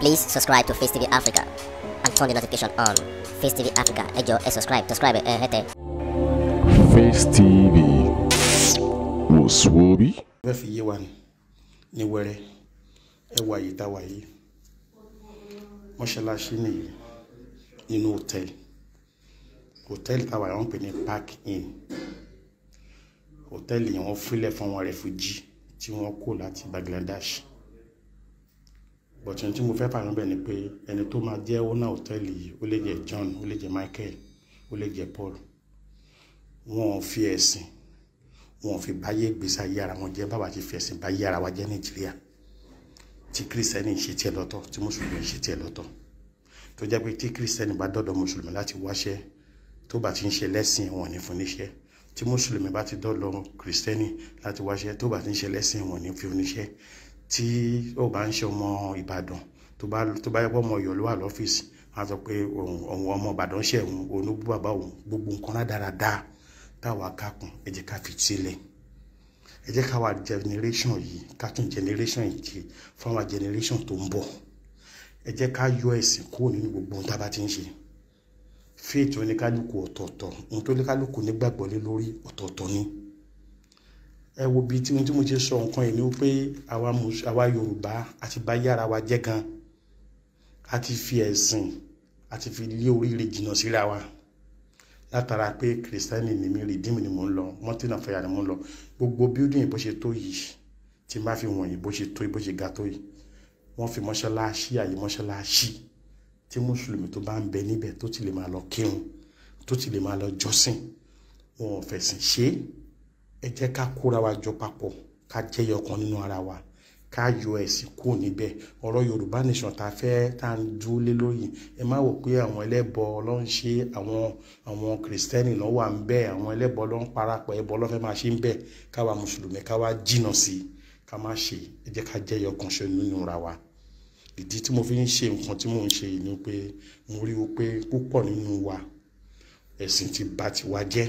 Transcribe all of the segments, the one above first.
Please subscribe to Face TV Africa and turn the notification on. Face TV Africa, ẹ jọ̀ọ́ subscribe, subscribe eh? hẹ́tẹ̀. Face TV wò sùn orí. ẹ fi yé wa ni ní wẹrẹ ẹ wà yìí tá wà yìí mọ́ṣáláṣí nìyí nínú Hotel hòtẹ́ẹ̀lì tá wà yìí wọ́n pè ní park inn hòtẹ́ẹ̀lì yẹn wọ́n fílẹ̀ fún àwọn rẹ̀fújì tí wọ́n kó láti Bangladesh bọ̀tí tí mo fẹ́ fàyàn bẹ̀ ni pé ẹni tó máa jẹ́ ọ́nà hòtẹ́ẹ̀lì yìí ó lè jẹ́ John ó lè jẹ́ Michael ó lè jẹ́ Paul wọn ò fi ẹ̀sìn wọn ò fi báyé gbèsè ayé ara wọn jẹ́ báwa ti fi ẹ̀sìn báyé ara wa jẹ́ Nàìjíríà tí kírísítẹ́nì ń ṣe tiẹ̀ lọ́tọ̀ tí mùsùlùmí ń ṣe tiẹ̀ lọ́tọ̀ tó jẹ́ pé tí kírísítẹ́nì bá dọ́dọ̀ mùsùlùmí láti wáṣẹ́ tó bá ti ń ṣe lẹ́sìn wọn ní fún níṣẹ́ tí mùsùlùmí bá ti dọ́dọ̀ kírísítẹ́nì láti wáṣẹ́ tó bá ti ń ṣe lẹ́sìn wọn ní fún níṣẹ́ tí ó bá ń ṣe ọmọ ìbàdàn tó bá tó bá yẹ pé ọmọ ọ̀yọ́ ló wà lọ́fíìsì wọn á sọ pé òun ọmọ ìbàdàn ṣe òun onúbú bàbá òun gbogbo nǹkan rádaràda táwa kákun ẹ jẹ́ ká fi sílẹ̀ ẹ ká wà generation yìí ká tún generation yìí jẹ fún àwọn generation tó ń bọ̀ ẹ jẹ́ ká yọ ẹ̀sìn kúrò nínú gbogbo ohun tá a bá ti ń ṣe faith oníkálukú ọ̀tọ̀ọ̀tọ̀ ohun tó oníkálukú nígbàgbọ́ lórí ọ̀tọ̀ọ̀tọ̀ ni. Kaluku, ẹ wo bí tí mo ṣe sọ nǹkan yìí ni wípé àwa Yorùbá àti bá yára wa jẹ́ gan àti fi ẹ̀sìn àti fi lé oríire jìnnà síra wa látara pé kìrìsìtẹ́nì ni mi rìdíìmù ni mò ń lọ mọ́tínà fẹ́yà ni mò ń lọ gbogbo bíódìn bó ṣe tó yìí tí n bá fi wọ̀nyí bó ṣe tó yìí bó ṣe ga tó yìí wọ́n fi mọ́ṣáláṣí àyè mọ́ṣáláṣí tí mùsùlùmí tó bá ń bẹ níbẹ̀ tó ti lè máa lọ kírun tó ti lè máa lọ jọ́sìn wọn ò fẹ̀sìn ṣe é ẹ jẹ́ ká kóra wa jọ papọ̀ ká jẹ́ yọkan nínú ara wa ká yọ ẹ̀sìn kúrò níbẹ̀ ọ̀rọ̀ yorùbá nation tá a fẹ́ tá a ń dúró lé lórí ẹ má wò pé àwọn ẹlẹ́bọ ló ń ṣe àwọn àwọn kìrìsìtẹ́nì ló wà ń bẹ̀ àwọn ẹlẹ́bọ ló parapọ̀ ẹbọ ló fẹ́ máa ṣe ń bẹ̀ káwa mùsùlùmí káwa jìnnà sí i ká má ṣe ẹ jẹ́ ká jẹ́ yọkan ṣe nínú ra wa ìdí tí mo fi ń ṣe nǹkan tí mò ń ṣe yìí ni pé mo rí i pé púpọ̀ nínú wa ẹ̀sìn ti bà tiwa jẹ́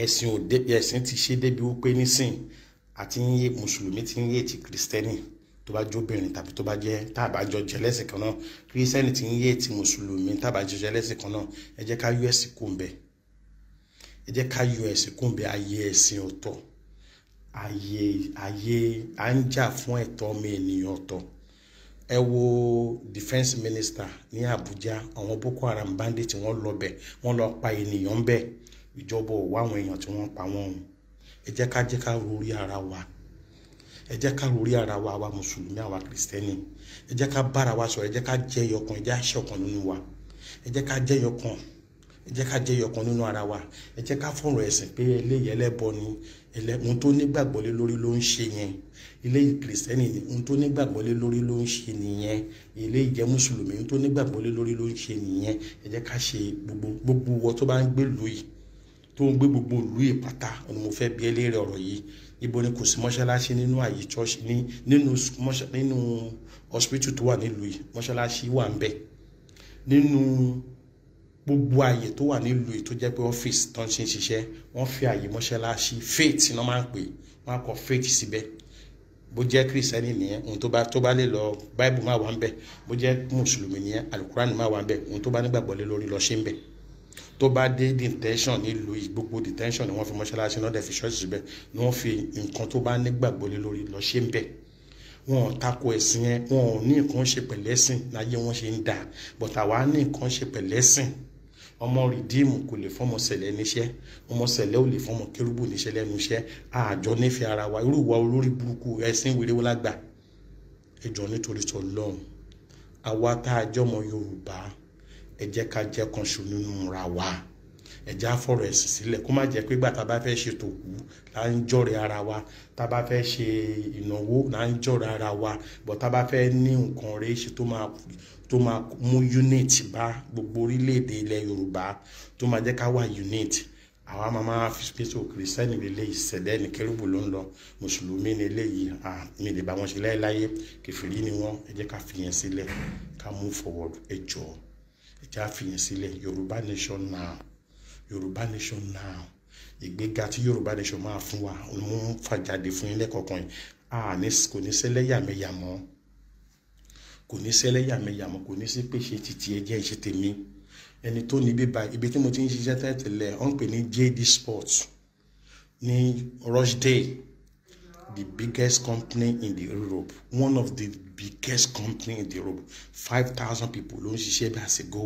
ẹ̀sìn ò débi ẹ̀sìn ti ṣe débi wípé nísìn àti ń yé mùsùlùmí ti ń yé ti kìrìsìtẹ́nì tó bá jóbìnrin tàbí tó bá jẹ́ tàbá jọ jẹ lẹ́sìn kan náà kìrìsìtẹ́nì ti ń yé ti mùsùlùmí tàbá jọ jẹ lẹ́sìn kan náà ẹ jẹ́ ká yọ ẹ̀sìn ẹ jẹ́ ká yọ ẹ̀sìn ayé ẹ̀sìn ọ̀tọ̀ ayé ayé à ń jà fún ẹ̀tọ́ ọmọ ènìyàn ọ̀tọ̀ ẹ wo defence minister ní Abuja àwọn Boko Haram bandit wọ́n lọ bẹ̀ wọ́n lọ pa ènìyàn bẹ́ẹ̀ ìjọba ò wá àwọn èèyàn tí wọ́n pa wọ́n hùn ẹ jẹ́ ká jẹ́ ká rorí ara wa ẹ jẹ́ ká rorí ara wa àwa mùsùlùmí àwa kìrìsìtẹ́nì ẹ jẹ́ ká bára wa sọ̀rọ̀ ẹ jẹ́ ká jẹ́ yọkan ẹ jẹ́ àṣẹ ọ̀kan nínú wa ẹ jẹ́ ká jẹ́ yọkan ẹ jẹ́ ká jẹ́ yọkan nínú ara wa ẹ jẹ́ ká fọ̀rọ̀ ẹ̀sìn pé eléyìí ẹlẹ́bọ ni ohun tó nígbàgbọ́ lé lórí ló ń ṣe yẹn eléyìí kìrìsìtẹ́nì ni ohun tó nígbàgbọ́ lé lórí ló ń ṣe nìyẹn eléyìí jẹ́ mùsùlùmí ohun tó nígbàgbọ́ lé lórí ló ń ṣe nìyẹn ẹ jẹ́ ká ṣe gbogbo gbogbo wọ tó bá ń gbèlú yìí tó ń gbé gbogbo ìlú ìpàtà òun mo fẹ́ bi ẹ́ léèrè ọ̀rọ̀ yìí ibo ni kò sí mọ́ṣáláṣí nínú àyè church ní nínú nínú hospital tó wà nílùú yìí mọ́ṣáláṣí wà ń bẹ nínú gbogbo àyè tó wà nílùú yìí tó jẹ́ pé ọ́fíìsì tó ń ṣe ń ṣiṣẹ́ wọ́n fi àyè mọ́ṣáláṣí faith ni wọ́n máa ń pè wọ́n á kọ faith síbẹ̀ bó jẹ́ kírísítẹ́nì nìyẹn ohun tó bá tó bá lè lọ báìbù máa wà ń bẹ̀ bó jẹ́ mùsùlùmí nìyẹn alukurani máa wà ń bẹ̀ ohun tó bá nígbàgbọ́ lé lórí lọ ṣe ń bẹ̀ tó bá dé detention nílùú gbogbo detention ni wọ́n fi mọ́ṣáláṣí náà dẹ̀ fi ṣọ́ọ̀ṣì síbẹ̀ ni wọ́n fi nǹkan tó bá nígbàgbọ́ lé lórí lọ ṣe ń bẹ̀ wọn ò tako ẹ̀sìn yẹn wọn ò ní nǹkan ṣe pẹ̀lẹ́sìn láyé wọn ṣe ń dà but àwa ní nǹkan ṣe pẹ̀lẹ́sìn ọmọ rìdíìmù kò lè fọmọ sẹlẹ níṣẹ́ ọmọ sẹlẹ ò lè fọmọ kérúbù níṣẹ́ lẹ́nu iṣẹ́ àjọ nífẹ̀ẹ́ ara wa irú wa olórí burúkú ẹ̀sìn wèrè wọn lágbà ẹjọ nítorí tọ lọhùn àwa tá a jọmọ Yorùbá ẹ jẹ́ ká jẹ́ kan ṣo nínú ra wa ẹ jẹ́ àfọ̀rọ̀ ẹ̀sìn sílẹ̀ kó má jẹ́ pé gbà tá a bá fẹ́ ṣe tòkú là ń jọ̀rẹ̀ ara wa tá a bá fẹ́ ṣe ìnáwó là ń jọ̀rẹ̀ ara wa bọ̀ tá a bá fẹ́ ní nǹkan rẹ̀ ṣe tó máa tó máa mú unit bá gbogbo orílẹ̀-èdè ilẹ̀ Yorùbá tó máa jẹ́ ká wà unit àwa máa fi pèsè kìrìsìtẹ́nì lélẹ́yìí sẹ̀lẹ́ ní kérúbù ló ń lọ mùsùlùmí ní eléyìí àmì lè bá wọn ṣe láéláyé ni wọn ẹ jẹ́ ká fi yẹn sílẹ̀ ká move forward ẹ jọ̀ọ́ ìjà fìyẹn sílẹ̀ yorùbá nation now yorùbá nation now ìgbéga tí yorùbá nation máa fún wa ló ń fàjáde fún yín lẹ́kọ̀ọ̀kan yìí àní kò ní ṣẹlẹ́yàmẹ̀yà mọ́ kò ní ṣẹlẹ́yàmẹ̀yà mọ́ kò ní sí pé ṣe títí ẹjẹ́ ìṣe tèmi ẹni tó ní bíbá ibi tí mo ti ń ṣiṣẹ́ tẹ́tẹ̀lẹ̀ ọ́n pè ní JD Sports ní rush day the biggest company in the Europe one of the biggest company in the Europe five thousand people ló ń ṣiṣẹ́ bí àsìkò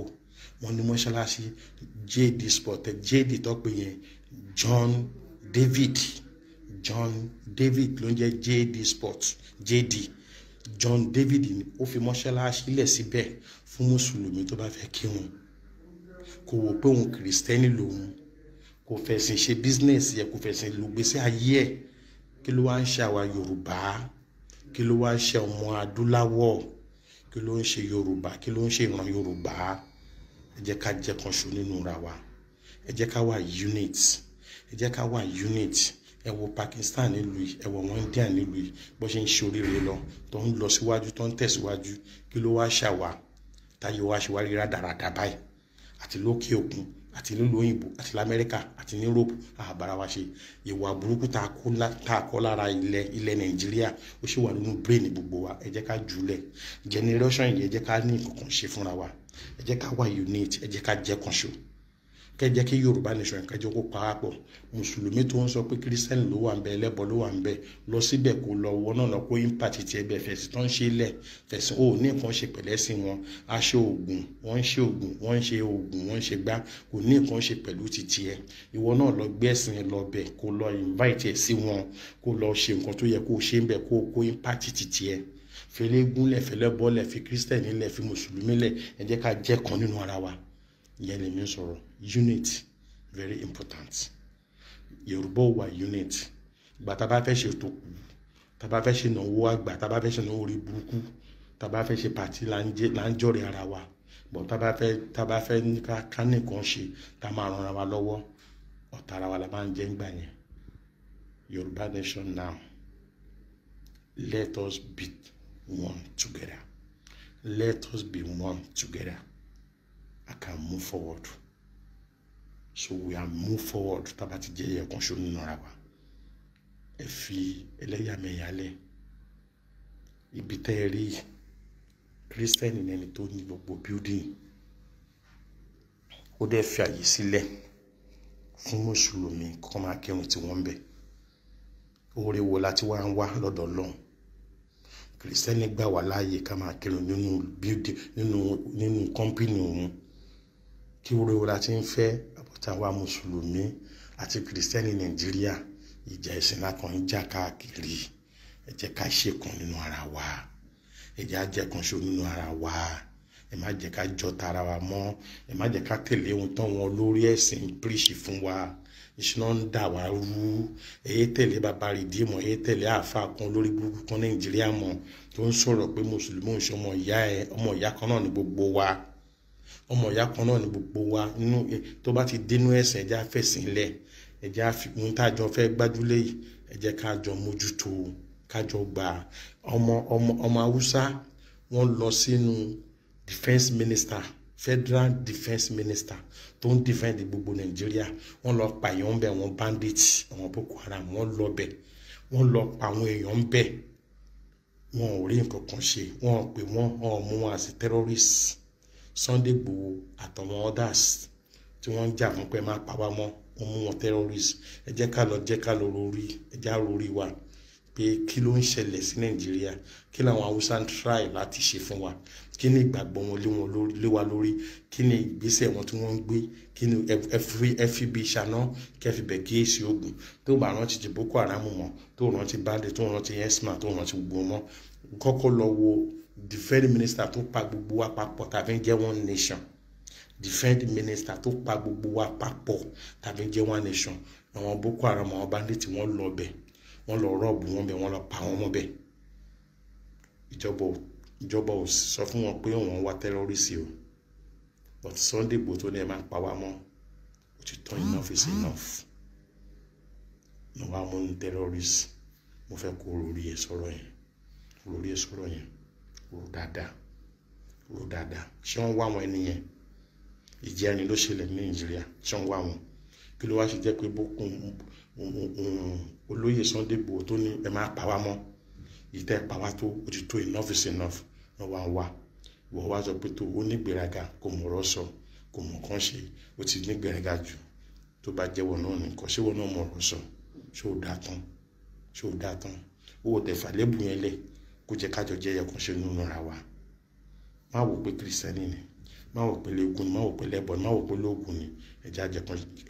wọn ní mọ́ṣáláṣí JD Sportek JD tọ́pẹ́ yẹn John David John David ló ń jẹ́ JD Sport JD John David ni ó fi mọ́ṣáláṣí lẹ̀ síbẹ̀ fún mùsùlùmí tó bá fẹ́ kírun kò wò pé òun kìrìsìtẹ́nì lòun kò fẹ̀sìn ṣe bísínẹ́sì ẹ̀ kò fẹ̀sìn lògbèsè ayé ẹ̀ kí ló wá ń ṣe àwa yorùbá kí ló wá ń ṣe ọmọ adúláwọ̀ kí ló ń ṣe yorùbá kí ló ń ṣe ìran yorùbá ẹ jẹ́ ká jẹ́ kanṣu nínú ra wa ẹ jẹ́ ká wà unit ẹ jẹ́ ká wà unit ẹ wo Pakistan nílùú yìí ẹ wo wọn India nílùú yìí bó ṣe ń ṣe oríire lọ tó ń lọ síwájú tó ń tẹ̀síwájú kí ló wá ṣàwà táyé wá ṣe wá rí rádaràdà báyìí àti lókè òkun àti nílùú òyìnbó àti lamẹ́ríkà àti ní europe àbára wa ṣe ìwà burúkú tá a kọ́ lára ilẹ̀ ilẹ̀ nàìjíríà ó ṣì wà nínú brain gbogbo wa ẹ jẹ́ ká jùlẹ̀ generation yìí ẹ jẹ́ ká ní ìkọ̀kan ṣe fúnra wa ẹ jẹ́ ká wà unit ẹ jẹ́ ká jẹ́ kan kẹjẹ kí yorùbá nation kẹjọ kó paapọ̀ mùsùlùmí tó ń sọ pé kírísítẹ́nì ló wà ń bẹ ẹlẹ́bọ ló wà ń bẹ lọ síbẹ̀ kó lọ wọ náà lọ kó impact tiẹ̀ bẹ̀ fẹ̀sìn tó ń ṣe lẹ̀ fẹ̀sìn ó ní nǹkan ṣe pẹ̀lẹ́ sí wọn aṣọ oògùn wọ́n ń ṣe oògùn wọ́n ń ṣe oògùn wọ́n ń ṣe gbá kò ní nǹkan ṣe pẹ̀lú ti tiẹ̀ ìwọ náà lọ gbẹ́sìn lọ bẹ̀ kó lọ invite sí wọn kó lọ ṣe nǹkan tó yẹ kó ṣe bẹ̀ kó kó impact ti tiẹ̀ ìyẹn lèmi ń sọ̀rọ̀ unit very important yorùbá wà unit ìgbà tá a bá fẹ́ ṣe tó kù tá a bá fẹ́ ṣe náwó àgbà tá a bá fẹ́ ṣe náwó orí burúkú tá a bá fẹ́ ṣe pàtí là ara wa bọ̀ tá bá fẹ́ tá bá fẹ́ ká nìkan ṣe tá máa ran ara wa lọ́wọ́ ọ̀tá ara wa la máa ń jẹ́ ńgbà yẹn yorùbá nation now let us be one together let us be one together. I can move forward so we are move forward tába ti jẹ́ ẹ̀kan ṣo nínú ara wa ẹ fi ẹlẹ́yàmẹ̀yà lẹ̀ ibi tẹ́ ẹ rí kírísítẹ́nì lẹ́ni tó ní gbogbo building ó dẹ́ fi àyè sílẹ̀ fún mùsùlùmí kọ́ máa kírun tí wọ́n ń bẹ̀ oore wo la ti wá ń wá lọ́dọ̀ Ọlọ́run kìrìsìtẹ́nì gbà wá láàyè ká máa kírun nínú nínú nínú kọ́mpìnì kí wúrewú la ti ń fẹ́ àbúta wa mùsùlùmí àti kìrìsìtẹ́nì nàìjíríà ìjà ẹ̀sìn lákan ń jà káàkiri ẹ jẹ́ ká ṣèkùn nínú ara wa ẹ jẹ́ àjẹkùnṣe nínú ara wa ẹ má jẹ́ ká jọ tara wa mọ́ ẹ má jẹ́ ká tẹ̀lé ohun tán wọn lórí ẹ̀sìn bíríṣì fún wa ìṣúná ń dà wá rú èyí tẹ̀lé bàbá rìdíìmọ̀ èyí tẹ̀lé àáfà kan lórí burúkú kan nàìjíríà mọ̀ tó ń sọ̀rọ̀ pé mùsùlùmí òṣèlú ọmọ ìyá kan náà ni gbogbo wa nínú tó bá ti dénú ẹ̀sìn ẹ̀jẹ̀ àfẹ̀sìn lẹ̀ ẹ̀jẹ̀ àfikún tájọ fẹ́ gbájúlẹ̀ yìí ẹ̀jẹ̀ kájọ mójútó kájọ gbà ọmọ ọmọ ọmọ haúsá wọ́n lọ sínú defence minister federal defence minister tó ń defend gbogbo nàìjíríà wọ́n lọ pa èèyàn bẹ àwọn bandit àwọn boko haram wọ́n lọ bẹ wọ́n lọ pa àwọn èèyàn bẹ wọn ò rí nǹkan kan ṣe wọn ò pè wọn wọn ò mú wọn àti terrorists Sunday Igboho àtàwọn others tí wọ́n ń jà fún pé má pa wá mọ́ wọ́n mú wọn terrorist ẹ jẹ́ ká lọ jẹ́ ká lọ rorí ẹ já rorí wa pé kí ló ń ṣẹlẹ̀ sí Nàìjíríà kí làwọn Haúsá ń try láti ṣe fún wa kí ni ìgbàgbọ́ wọn lé wọn lé wa lórí kí ni ìgbésẹ̀ wọn tí wọ́n ń gbé kí ni ẹ fi bí ṣáná kẹ́ fi bẹ̀ kíyèsí ogun tó bá rántí ti Boko Haram mọ́ tó rántí bade tó rántí yensma tó rántí gbogbo kọ́kọ́ lọ wo defend minister tó pa gbogbo wa papọ̀ tàbí jẹ́ one nation defend minister tó pa gbogbo wa papọ̀ tàbí jẹ́ one nation àwọn boko haram àwọn bandit wọ́n lọ bẹ̀ wọ́n lọ rọ́ọ̀bù wọn bẹ̀ wọ́n lọ pa wọn mọ́ bẹ̀ ìjọba ìjọba ò sọ fún wọn pé wọ́n wá tẹ́rọ́rìsì o but Sunday Igboho tó ní ẹ máa pa wá mọ́ òtítọ́ enough is enough ní wàá mú ní terrorist mo fẹ́ kó lórí ẹ̀ sọ̀rọ̀ yẹn lórí ẹ̀ sọ̀rọ̀ yẹn rò dáadáa rò dáadáa ṣé wọ́n wá àwọn ẹnìyẹn ìjẹrin ló ṣẹlẹ̀ ní nàìjíríà ṣé wọ́n wá wọn kí ló wá ṣe jẹ́ pé bókun um, um, um, olóyè Sunday Igboho tó ní ẹ máa pa wá mọ́ ìtẹ́ pa wá tó ó ti tó enough is enough wọ́n wá ń wá wọ́n wá sọ pé tó ó nígbéraga kò mọ̀rọ̀ sọ kò mọ̀ kán ṣe ó ti nígbéraga jù tó bá jẹ́wọ́ náà nìkan ṣé wọ́n náà mọ̀rọ̀ sọ ṣé ó dá tán ṣé ó dá tán ó dẹ̀ fàlẹ́bù yẹn lẹ̀ kó jẹ́ kájọ jẹ́ ẹ̀yẹ̀kùn ṣe nínú ra wa má wò pé kìrìsìtẹ́nì ni má wò pé léegun ni má wò pé lẹ́bọ ni má wò pé lóògùn ni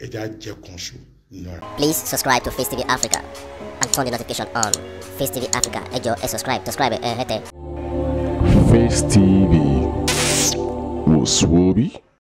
ẹja jẹkùn ṣù nínú ra. Please subscribe to Face TV Africa and turn the notification on Face TV Africa ẹ jọ̀ọ́ ẹ subscribe subscribe ẹ hẹ́tẹ̀. Face TV wò sùn wò bí.